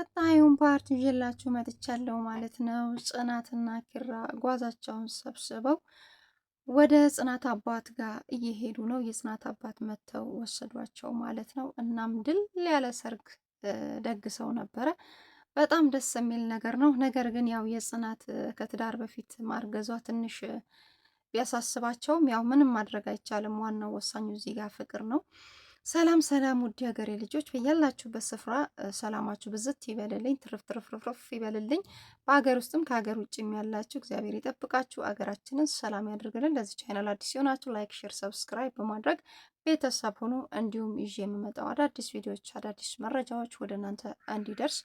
ቀጣዩን ፓርት ይዤላችሁ መጥቻለሁ ማለት ነው። ጽናትና ኪራ ጓዛቸውን ሰብስበው ወደ ጽናት አባት ጋር እየሄዱ ነው። የጽናት አባት መጥተው ወሰዷቸው ማለት ነው። እናም ድል ያለ ሰርግ ደግሰው ነበረ። በጣም ደስ የሚል ነገር ነው። ነገር ግን ያው የጽናት ከትዳር በፊት ማርገዟ ትንሽ ቢያሳስባቸውም ያው ምንም ማድረግ አይቻልም። ዋናው ወሳኙ እዚህ ጋር ፍቅር ነው። ሰላም ሰላም ውድ ሀገሬ ልጆች በያላችሁበት ስፍራ ሰላማችሁ ብዝት ይበልልኝ፣ ትርፍ ትርፍ ርፍርፍ ይበልልኝ። በሀገር ውስጥም ከሀገር ውጭም ያላችሁ እግዚአብሔር ይጠብቃችሁ፣ አገራችንን ሰላም ያደርግልን። ለዚህ ቻይናል አዲስ ሲሆናችሁ ላይክ፣ ሼር፣ ሰብስክራይብ በማድረግ ቤተሰብ ሆኖ እንዲሁም ይዤ የምመጣው አዳዲስ ቪዲዮዎች፣ አዳዲስ መረጃዎች ወደ እናንተ እንዲደርስ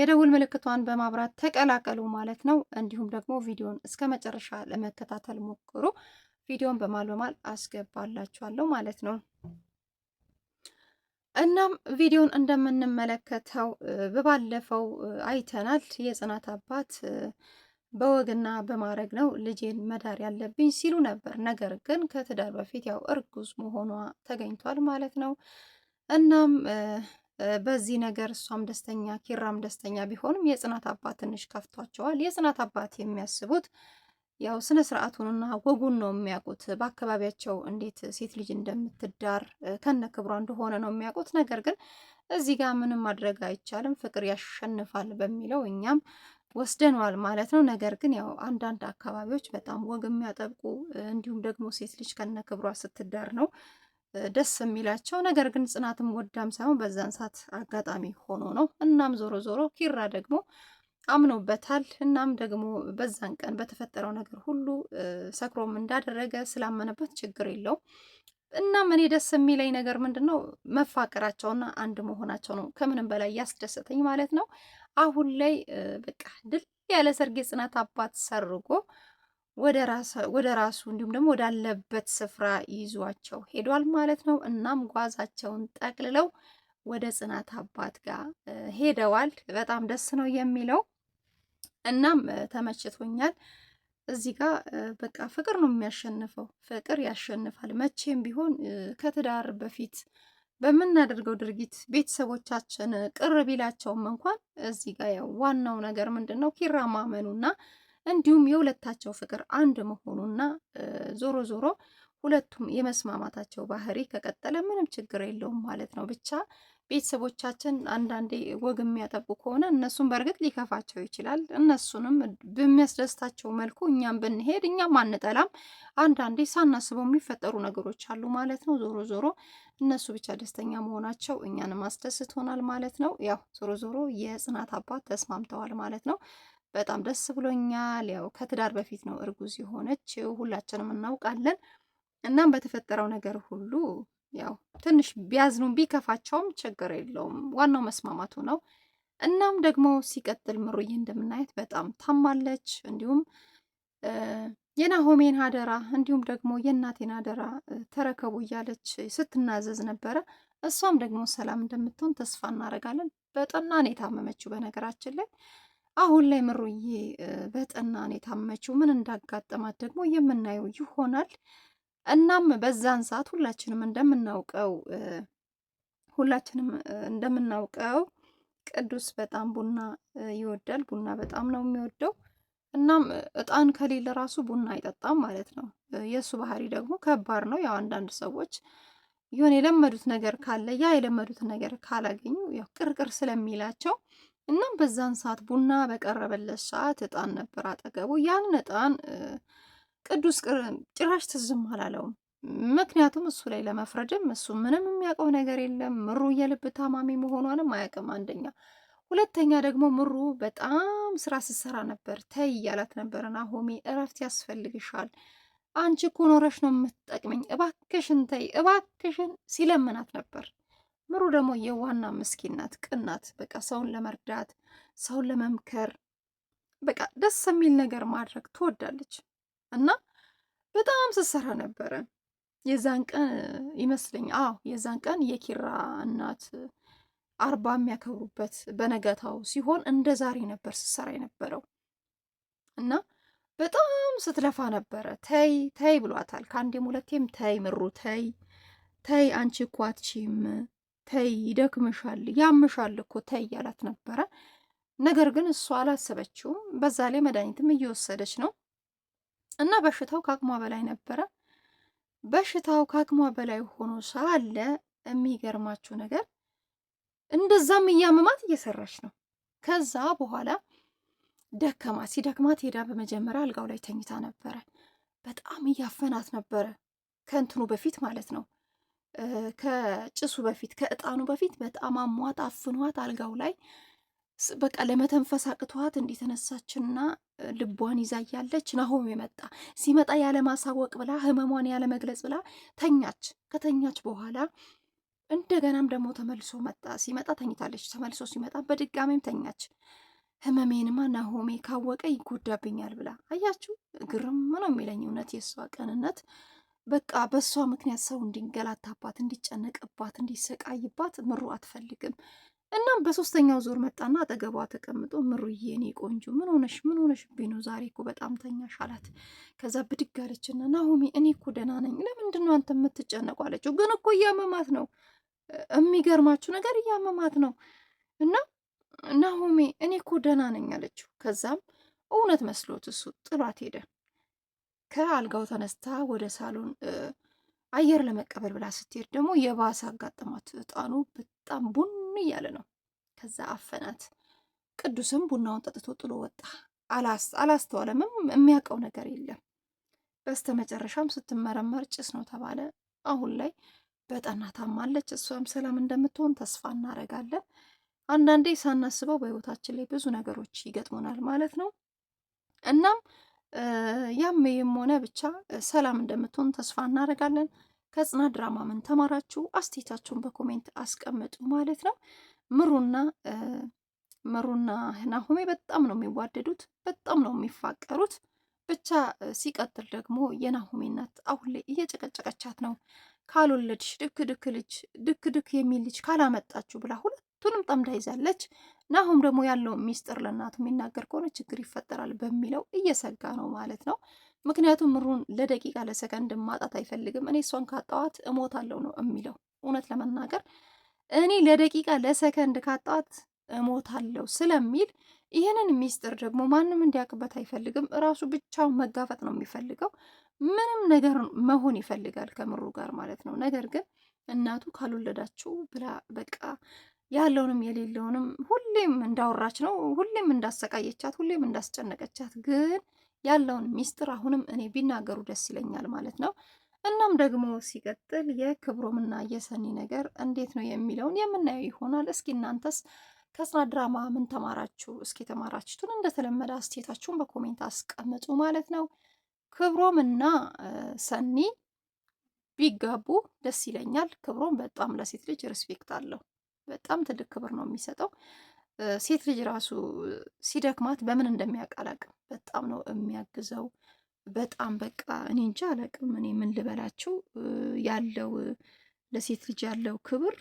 የደውል ምልክቷን በማብራት ተቀላቀሉ ማለት ነው። እንዲሁም ደግሞ ቪዲዮን እስከ መጨረሻ ለመከታተል ሞክሩ። ቪዲዮን በማል በማል አስገባላችኋለሁ ማለት ነው። እናም ቪዲዮን እንደምንመለከተው በባለፈው አይተናል። የጽናት አባት በወግና በማድረግ ነው ልጄን መዳር ያለብኝ ሲሉ ነበር። ነገር ግን ከትዳር በፊት ያው እርጉዝ መሆኗ ተገኝቷል ማለት ነው። እናም በዚህ ነገር እሷም ደስተኛ ኪራም ደስተኛ ቢሆንም የጽናት አባት ትንሽ ከፍቷቸዋል። የጽናት አባት የሚያስቡት ያው ስነ ስርዓቱንና ወጉን ነው የሚያውቁት። በአካባቢያቸው እንዴት ሴት ልጅ እንደምትዳር ከነ ክብሯ እንደሆነ ነው የሚያውቁት። ነገር ግን እዚህ ጋር ምንም ማድረግ አይቻልም፣ ፍቅር ያሸንፋል በሚለው እኛም ወስደነዋል ማለት ነው። ነገር ግን ያው አንዳንድ አካባቢዎች በጣም ወግ የሚያጠብቁ እንዲሁም ደግሞ ሴት ልጅ ከነ ክብሯ ስትዳር ነው ደስ የሚላቸው። ነገር ግን ጽናትም ወዳም ሳይሆን በዛን ሰዓት አጋጣሚ ሆኖ ነው። እናም ዞሮ ዞሮ ኪራ ደግሞ አምኖበታል። እናም ደግሞ በዛን ቀን በተፈጠረው ነገር ሁሉ ሰክሮም እንዳደረገ ስላመነበት ችግር የለው እናም እኔ ደስ የሚለኝ ነገር ምንድን ነው መፋቀራቸውና አንድ መሆናቸው ነው፣ ከምንም በላይ ያስደሰተኝ ማለት ነው። አሁን ላይ በቃ ድል ያለ ሰርግ የጽናት አባት ሰርጎ ወደ ራሱ እንዲሁም ደግሞ ወዳለበት ስፍራ ይዟቸው ሄዷል ማለት ነው። እናም ጓዛቸውን ጠቅልለው ወደ ጽናት አባት ጋር ሄደዋል። በጣም ደስ ነው የሚለው። እናም ተመችቶኛል። እዚህ ጋር በቃ ፍቅር ነው የሚያሸንፈው፣ ፍቅር ያሸንፋል። መቼም ቢሆን ከትዳር በፊት በምናደርገው ድርጊት ቤተሰቦቻችን ቅር ቢላቸውም እንኳን እዚህ ጋር ያው ዋናው ነገር ምንድን ነው ኪራ ማመኑና እንዲሁም የሁለታቸው ፍቅር አንድ መሆኑና ዞሮ ዞሮ ሁለቱም የመስማማታቸው ባህሪ ከቀጠለ ምንም ችግር የለውም ማለት ነው ብቻ ቤተሰቦቻችን አንዳንዴ ወግ የሚያጠቡ ከሆነ እነሱን በእርግጥ ሊከፋቸው ይችላል። እነሱንም በሚያስደስታቸው መልኩ እኛም ብንሄድ እኛም አንጠላም። አንዳንዴ ሳናስበው የሚፈጠሩ ነገሮች አሉ ማለት ነው። ዞሮ ዞሮ እነሱ ብቻ ደስተኛ መሆናቸው እኛንም አስደስቶናል ማለት ነው። ያው ዞሮ ዞሮ የጽናት አባት ተስማምተዋል ማለት ነው። በጣም ደስ ብሎኛል። ያው ከትዳር በፊት ነው እርጉዝ የሆነች ሁላችንም እናውቃለን። እናም በተፈጠረው ነገር ሁሉ ያው ትንሽ ቢያዝኑ ቢከፋቸውም ችግር የለውም። ዋናው መስማማቱ ነው። እናም ደግሞ ሲቀጥል ምሩዬ እንደምናየት በጣም ታማለች። እንዲሁም የናሆሜን አደራ እንዲሁም ደግሞ የእናቴን አደራ ተረከቡ እያለች ስትናዘዝ ነበረ። እሷም ደግሞ ሰላም እንደምትሆን ተስፋ እናደርጋለን። በጠና ነው የታመመችው። በነገራችን ላይ አሁን ላይ ምሩዬ በጠና ነው የታመመችው። ምን እንዳጋጠማት ደግሞ የምናየው ይሆናል። እናም በዛን ሰዓት ሁላችንም እንደምናውቀው ሁላችንም እንደምናውቀው ቅዱስ በጣም ቡና ይወዳል። ቡና በጣም ነው የሚወደው። እናም እጣን ከሌለ ራሱ ቡና አይጠጣም ማለት ነው። የእሱ ባህሪ ደግሞ ከባድ ነው። ያው አንዳንድ ሰዎች የሆነ የለመዱት ነገር ካለ ያ የለመዱት ነገር ካላገኙ ያው ቅርቅር ስለሚላቸው እናም በዛን ሰዓት ቡና በቀረበለት ሰዓት እጣን ነበር አጠገቡ። ያንን እጣን ቅዱስ ጭራሽ ትዝም አላለውም። ምክንያቱም እሱ ላይ ለመፍረድም እሱ ምንም የሚያውቀው ነገር የለም። ምሩ የልብ ታማሚ መሆኗንም አያውቅም አንደኛ፣ ሁለተኛ ደግሞ ምሩ በጣም ስራ ስትሰራ ነበር። ተይ እያላት ነበር ናሆሚ፣ እረፍት ያስፈልግሻል አንቺ እኮ ኖረሽ ነው የምትጠቅመኝ፣ እባክሽን ተይ እባክሽን ሲለምናት ነበር። ምሩ ደግሞ የዋና ምስኪናት፣ ቅናት፣ በቃ ሰውን ለመርዳት ሰውን ለመምከር በቃ ደስ የሚል ነገር ማድረግ ትወዳለች። እና በጣም ስትሰራ ነበረ። የዛን ቀን ይመስለኝ አዎ የዛን ቀን የኪራ እናት አርባ የሚያከብሩበት በነገታው ሲሆን እንደ ዛሬ ነበር ስትሰራ የነበረው እና በጣም ስትለፋ ነበረ። ተይ ተይ ብሏታል። ከአንዴም ሁለቴም ተይ ምሩ ተይ ተይ አንቺ እኮ አትችይም ተይ ይደክምሻል፣ ያምሻል እኮ ተይ እያላት ነበረ። ነገር ግን እሷ አላሰበችውም። በዛ ላይ መድኃኒትም እየወሰደች ነው። እና በሽታው ከአቅሟ በላይ ነበረ። በሽታው ከአቅሟ በላይ ሆኖ ሳለ የሚገርማችሁ ነገር እንደዛም እያመማት እየሰራች ነው። ከዛ በኋላ ደከማት። ሲደክማት ሄዳ በመጀመሪያ አልጋው ላይ ተኝታ ነበረ። በጣም እያፈናት ነበረ፣ ከእንትኑ በፊት ማለት ነው፣ ከጭሱ በፊት ከእጣኑ በፊት በጣም አሟት አፍኗት አልጋው ላይ በቃ ለመተንፈስ አቅቷት እንዲተነሳችና ልቧን ይዛ እያለች ናሆም የመጣ ሲመጣ ያለማሳወቅ ብላ ህመሟን ያለመግለጽ ብላ ተኛች። ከተኛች በኋላ እንደገናም ደግሞ ተመልሶ መጣ። ሲመጣ ተኝታለች። ተመልሶ ሲመጣ በድጋሚም ተኛች። ህመሜንማ ናሆሜ ካወቀ ይጎዳብኛል ብላ አያችሁ፣ ግርም ነው የሚለኝ እውነት የእሷ ቀንነት። በቃ በእሷ ምክንያት ሰው እንዲንገላታባት፣ እንዲጨነቅባት፣ እንዲሰቃይባት ምሩ አትፈልግም። እናም በሶስተኛው ዙር መጣና አጠገቧ ተቀምጦ ምሩዬ የኔ ቆንጆ ምን ሆነሽ ምን ሆነሽ ቢኖ ዛሬ እኮ በጣም ተኛሽ አላት። ከዛ ብድግ አለችና ናሆሚ እኔ እኮ ደህና ነኝ ለምንድን ነው አንተ የምትጨነቁ አለችው። ግን እኮ እያመማት ነው የሚገርማችሁ ነገር እያመማት ነው እና ናሆሜ እኔ እኮ ደህና ነኝ አለችው። ከዛም እውነት መስሎት እሱ ጥሏት ሄደ። ከአልጋው ተነስታ ወደ ሳሎን አየር ለመቀበል ብላ ስትሄድ ደግሞ የባሰ አጋጠማት። እጣኑ በጣም ቡን እያለ ነው። ከዛ አፈናት። ቅዱስም ቡናውን ጠጥቶ ጥሎ ወጣ። አላስተዋለምም። የሚያውቀው ነገር የለም። በስተ መጨረሻም ስትመረመር ጭስ ነው ተባለ። አሁን ላይ በጠና ታማለች። እሷም ሰላም እንደምትሆን ተስፋ እናደርጋለን። አንዳንዴ ሳናስበው በህይወታችን ላይ ብዙ ነገሮች ይገጥሙናል ማለት ነው። እናም ያም ይህም ሆነ ብቻ ሰላም እንደምትሆን ተስፋ እናደርጋለን። ከጽና ድራማ ምን ተማራችሁ? አስቴታችሁን በኮሜንት አስቀምጡ ማለት ነው። ምሩና ምሩና ናሆሜ በጣም ነው የሚዋደዱት፣ በጣም ነው የሚፋቀሩት። ብቻ ሲቀጥል ደግሞ የናሆሜ እናት አሁን ላይ እየጨቀጨቀቻት ነው። ካልወለድሽ ድክ ድክ ልጅ ድክ ድክ የሚል ልጅ ካላመጣችሁ ብላ ሁለቱንም ጠምዳ ይዛለች። ናሆም ደግሞ ያለውን ሚስጥር ለእናቱ የሚናገር ከሆነ ችግር ይፈጠራል በሚለው እየሰጋ ነው ማለት ነው። ምክንያቱም ምሩን ለደቂቃ ለሰከንድ ማጣት አይፈልግም። እኔ እሷን ካጣዋት እሞታለሁ ነው የሚለው። እውነት ለመናገር እኔ ለደቂቃ ለሰከንድ ካጣዋት እሞታለሁ ስለሚል ይህንን ሚስጥር ደግሞ ማንም እንዲያውቅበት አይፈልግም። እራሱ ብቻው መጋፈጥ ነው የሚፈልገው። ምንም ነገር መሆን ይፈልጋል ከምሩ ጋር ማለት ነው። ነገር ግን እናቱ ካልወለዳችሁ ብላ በቃ ያለውንም የሌለውንም ሁሌም እንዳወራች ነው፣ ሁሌም እንዳሰቃየቻት፣ ሁሌም እንዳስጨነቀቻት ግን ያለውን ሚስጥር አሁንም እኔ ቢናገሩ ደስ ይለኛል ማለት ነው። እናም ደግሞ ሲቀጥል የክብሮምና የሰኒ ነገር እንዴት ነው የሚለውን የምናየው ይሆናል። እስኪ እናንተስ ከጽናት ድራማ ምን ተማራችሁ? እስኪ ተማራችሁትን እንደተለመደ አስተያየታችሁን በኮሜንት አስቀምጡ ማለት ነው። ክብሮም እና ሰኒ ቢጋቡ ደስ ይለኛል። ክብሮም በጣም ለሴት ልጅ ሪስፔክት አለው። በጣም ትልቅ ክብር ነው የሚሰጠው። ሴት ልጅ ራሱ ሲደክማት በምን እንደሚያውቅ አላውቅም። በጣም ነው የሚያግዘው። በጣም በቃ እኔ እንጃ አላውቅም። እኔ ምን ልበላቸው ያለው ለሴት ልጅ ያለው ክብር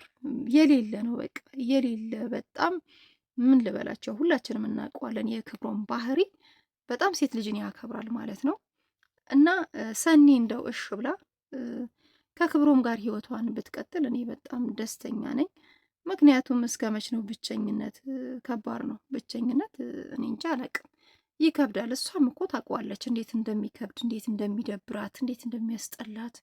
የሌለ ነው። በቃ የሌለ በጣም ምን ልበላቸው። ሁላችንም እናውቀዋለን የክብሮን ባህሪ። በጣም ሴት ልጅን ያከብራል ማለት ነው። እና ሰኒ እንደው እሽ ብላ ከክብሮም ጋር ህይወቷን ብትቀጥል እኔ በጣም ደስተኛ ነኝ። ምክንያቱም እስከ መች ነው ብቸኝነት? ከባድ ነው ብቸኝነት። እኔ እንጃ አላቅም፣ ይከብዳል። እሷም እኮ ታውቀዋለች እንዴት እንደሚከብድ እንዴት እንደሚደብራት እንዴት እንደሚያስጠላት።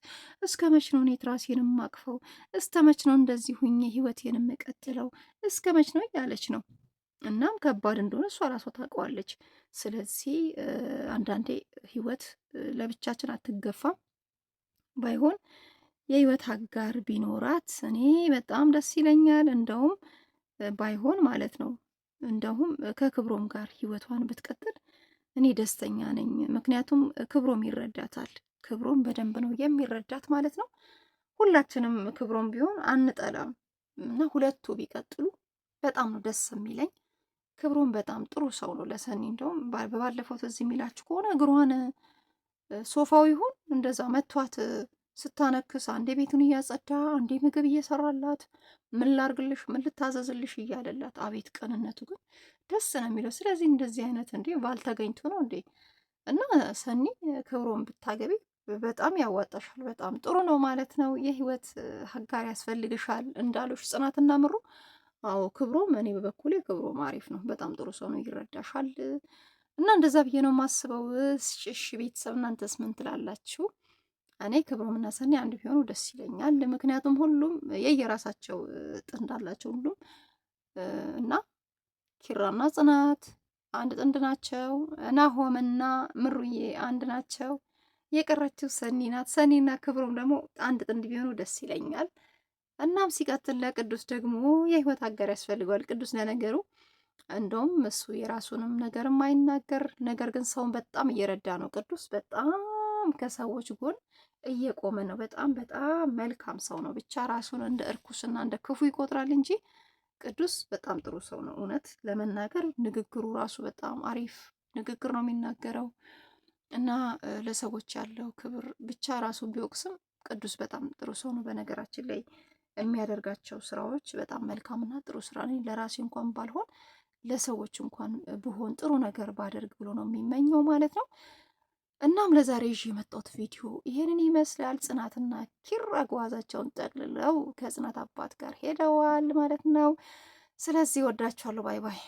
እስከ መች ነው እኔ ራሴን የማቅፈው? እስከ መች ነው እንደዚህ ሁኜ ህይወቴን የምቀጥለው? እስከ መች ነው እያለች ነው። እናም ከባድ እንደሆነ እሷ ራሷ ታውቀዋለች። ስለዚህ አንዳንዴ ህይወት ለብቻችን አትገፋም ባይሆን የህይወት አጋር ቢኖራት እኔ በጣም ደስ ይለኛል። እንደውም ባይሆን ማለት ነው እንደውም ከክብሮም ጋር ህይወቷን ብትቀጥል እኔ ደስተኛ ነኝ። ምክንያቱም ክብሮም ይረዳታል። ክብሮም በደንብ ነው የሚረዳት ማለት ነው። ሁላችንም ክብሮም ቢሆን አንጠላም እና ሁለቱ ቢቀጥሉ በጣም ነው ደስ የሚለኝ። ክብሮም በጣም ጥሩ ሰው ነው ለሰኒ። እንደውም በባለፈው ትዝ የሚላችሁ ከሆነ እግሯን ሶፋው ይሁን እንደዛ መቷት ስታነክስ አንዴ ቤቱን እያጸዳ አንዴ ምግብ እየሰራላት ምን ላርግልሽ ምን ልታዘዝልሽ እያለላት፣ አቤት ቀንነቱ ግን ደስ ነው የሚለው። ስለዚህ እንደዚህ አይነት እንዴ ባልተገኝቶ ነው እንዴ እና ሰኒ ክብሮን ብታገቢ በጣም ያዋጣሻል። በጣም ጥሩ ነው ማለት ነው። የህይወት ሀጋር ያስፈልግሻል እንዳሉሽ ጽናትና ምሩ። አዎ ክብሮም፣ እኔ በበኩሌ ክብሮም አሪፍ ነው፣ በጣም ጥሩ ሰው ነው፣ ይረዳሻል እና እንደዛ ብዬ ነው የማስበው። ስጭሽ ቤተሰብ እናንተስ ምን ትላላችሁ? እኔ ክብሮምና ሰኒ አንድ ቢሆኑ ደስ ይለኛል። ምክንያቱም ሁሉም የየራሳቸው ጥንድ አላቸው ሁሉም እና ኪራና ጽናት አንድ ጥንድ ናቸው። ናሆምና ምሩዬ አንድ ናቸው። የቀረችው ሰኒ ናት። ሰኒና ክብሮም ደግሞ አንድ ጥንድ ቢሆኑ ደስ ይለኛል። እናም ሲቀጥል ለቅዱስ ደግሞ የህይወት አጋር ያስፈልገዋል። ቅዱስ ለነገሩ እንደውም እሱ የራሱንም ነገር አይናገር ነገር ግን ሰውን በጣም እየረዳ ነው ቅዱስ በጣም በጣም ከሰዎች ጎን እየቆመ ነው። በጣም በጣም መልካም ሰው ነው። ብቻ ራሱን እንደ እርኩስና እንደ ክፉ ይቆጥራል እንጂ ቅዱስ በጣም ጥሩ ሰው ነው። እውነት ለመናገር ንግግሩ ራሱ በጣም አሪፍ ንግግር ነው የሚናገረው እና ለሰዎች ያለው ክብር ብቻ ራሱ ቢወቅስም ቅዱስ በጣም ጥሩ ሰው ነው። በነገራችን ላይ የሚያደርጋቸው ስራዎች በጣም መልካምና ጥሩ ስራ ነኝ ለራሴ እንኳን ባልሆን ለሰዎች እንኳን ብሆን ጥሩ ነገር ባደርግ ብሎ ነው የሚመኘው ማለት ነው። እናም ለዛሬ ይዤ የመጣሁት ቪዲዮ ይሄንን ይመስላል። ጽናትና ኪራ ጓዛቸውን ጠቅልለው ከጽናት አባት ጋር ሄደዋል ማለት ነው። ስለዚህ ወዳችኋለሁ። ባይ ባይ።